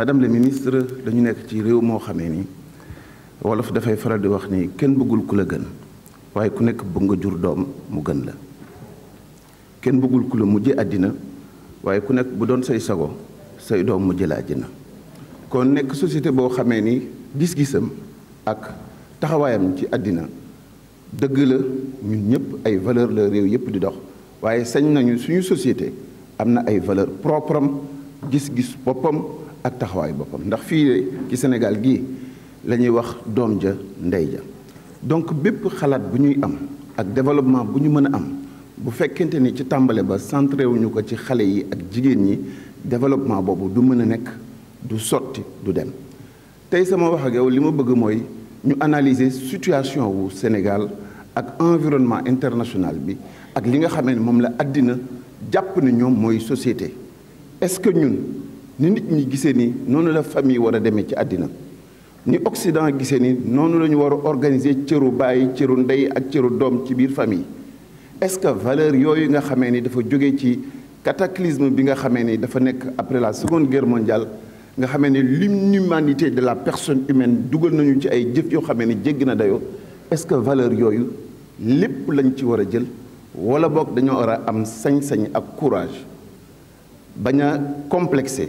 madame la ministre dañu nekk ci réew moo xamee ni wolof dafay faral di wax ni kenn bëggul ku la gën waaye ku nekk bëgg nga jur doom mu gën la kenn bëggul ku la mujje àddina waaye ku nekk bu doon say sago say doom mujje la àddina kon nekk société boo xamee ni gis-gisam ak taxawaayam ci àddina dëgg la ñun ñëpp ay valeur la réew yëpp di dox waaye sañ nañu suñu société am na ay valeur propre gis-gis boppam ak taxaway bopam ndax fi ci Sénégal gi lañuy wax dom ja ndey ja donc bépp xalat bu ñuy am ak développement bu ñu mën am bu fekkente ni ci tambalé ba centré wuñu ko ci xalé yi ak jigéen ñi développement bobu du mëna nek du sotti du dem tay sama wax ak yow li bëgg moy ñu analyser situation wu Sénégal ak environnement international bi ak li nga xamé mom la àddina japp ni ñom moy société est-ce que ñun ni nit ñi gisee ni noonu la famille war a demee ci àddina ni Occident gisee ni noonu lañu war a organiser cëru baay cëru ndey ak cëru doom ci biir famille est-ce que valeur yooyu nga xamee ni dafa jóge ci cataclysme bi nga xamee ni dafa nekk après la seconde guerre mondiale nga xamee ni l'inhumanité de la personne humaine dugal nañu ci ay jëf yoo xamee ni jégg na dayoo est-ce que valeur yooyu lépp lañ ci war a jël wala boog dañoo war a am sañ-sañ ak courage bañ a complexé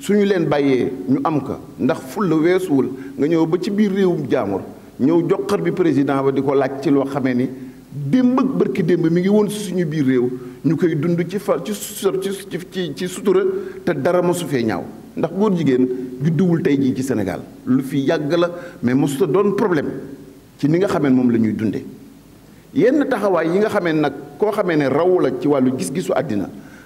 suñu leen bàyyee ñu am ko ndax fulla weesuwul nga ñëw ba ci biir réewum jaamur ñëw jox xar bi président ba di ko laaj ci loo xamee ni démb ak bërki démb mi ngi woon si suñu biir réew ñu koy dund ci fa ci ci ci sutura te dara mosu fee ñaaw ndax góor jigéen judduwul tey jii ci Sénégal lu fi yàgg la mais mosuta doon problème ci ni nga xamee moom la ñuy dundee yenn taxawaay yi nga xamee nag koo xamee ne raw la ci wàllu gis-gisu àddina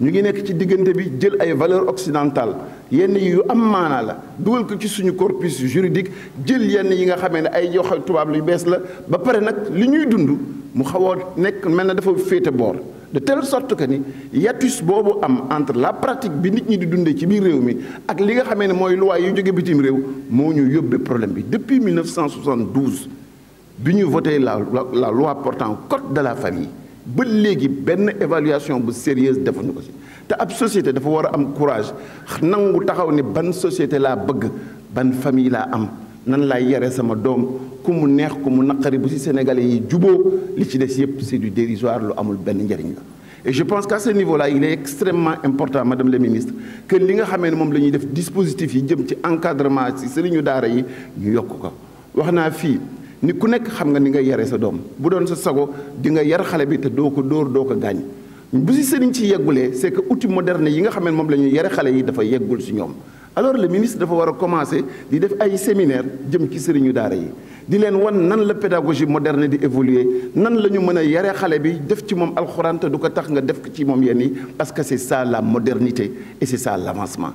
ñu ngi nekk ci diggante bi jël ay valeurs occidentales yenn yu am maanaa la dugal ko ci suñu corpus juridique jël yenn yi nga xamé ne ay yoo tubab lu bees la ba paré nak li ñuy dund mu xawoo nek nekk mel na dafa fété bor de telle sorte que ni hiatus bobu am entre la pratique bi nit ñi di dundé ci biir réew mi ak li nga xamé ne moy loi yu joggé bitim réew mo ñu yóbbee problème bi depuis 1972 biñu voté la la loi portant code de la famille ba léegi évaluation bu sérieuse defuñu ko si te ab société dafa war am courage nangu taxaw ni ban société la bëgg ban famille la am nan la yéré sama dom ku mu neex ku mu nakari bu ci sénégalais yi djubo li ci des yépp c'est du dérisoire lu amul ben njariñ la et je pense qu'à ce niveau-là il est extrêmement important madame la ministre que li nga xamee ne moom def dispositif yi jëm ci encadrement si sëriñu daara yi ñu yokk ni ku nekk xam nga ni nga yare sa doom bu doon sa sago di nga yar xale bi te doo ko dóor doo ko gaañ bu si sëriñ ci yeggulee c'est que outil moderne yi nga xam ne moom la ñuy yare xale yi dafa yeggul si ñoom alors le ministre dafa war a commencer di def ay séminaire jëm ci sëriñu daara yi di leen wan nan la pédagogie moderne di évoluer nan la ñu mën a yare xale bi def ci moom alxuraan te du ko tax nga def ci moom yenn yi parce que c'est ça la modernité et c'est ça l'avancement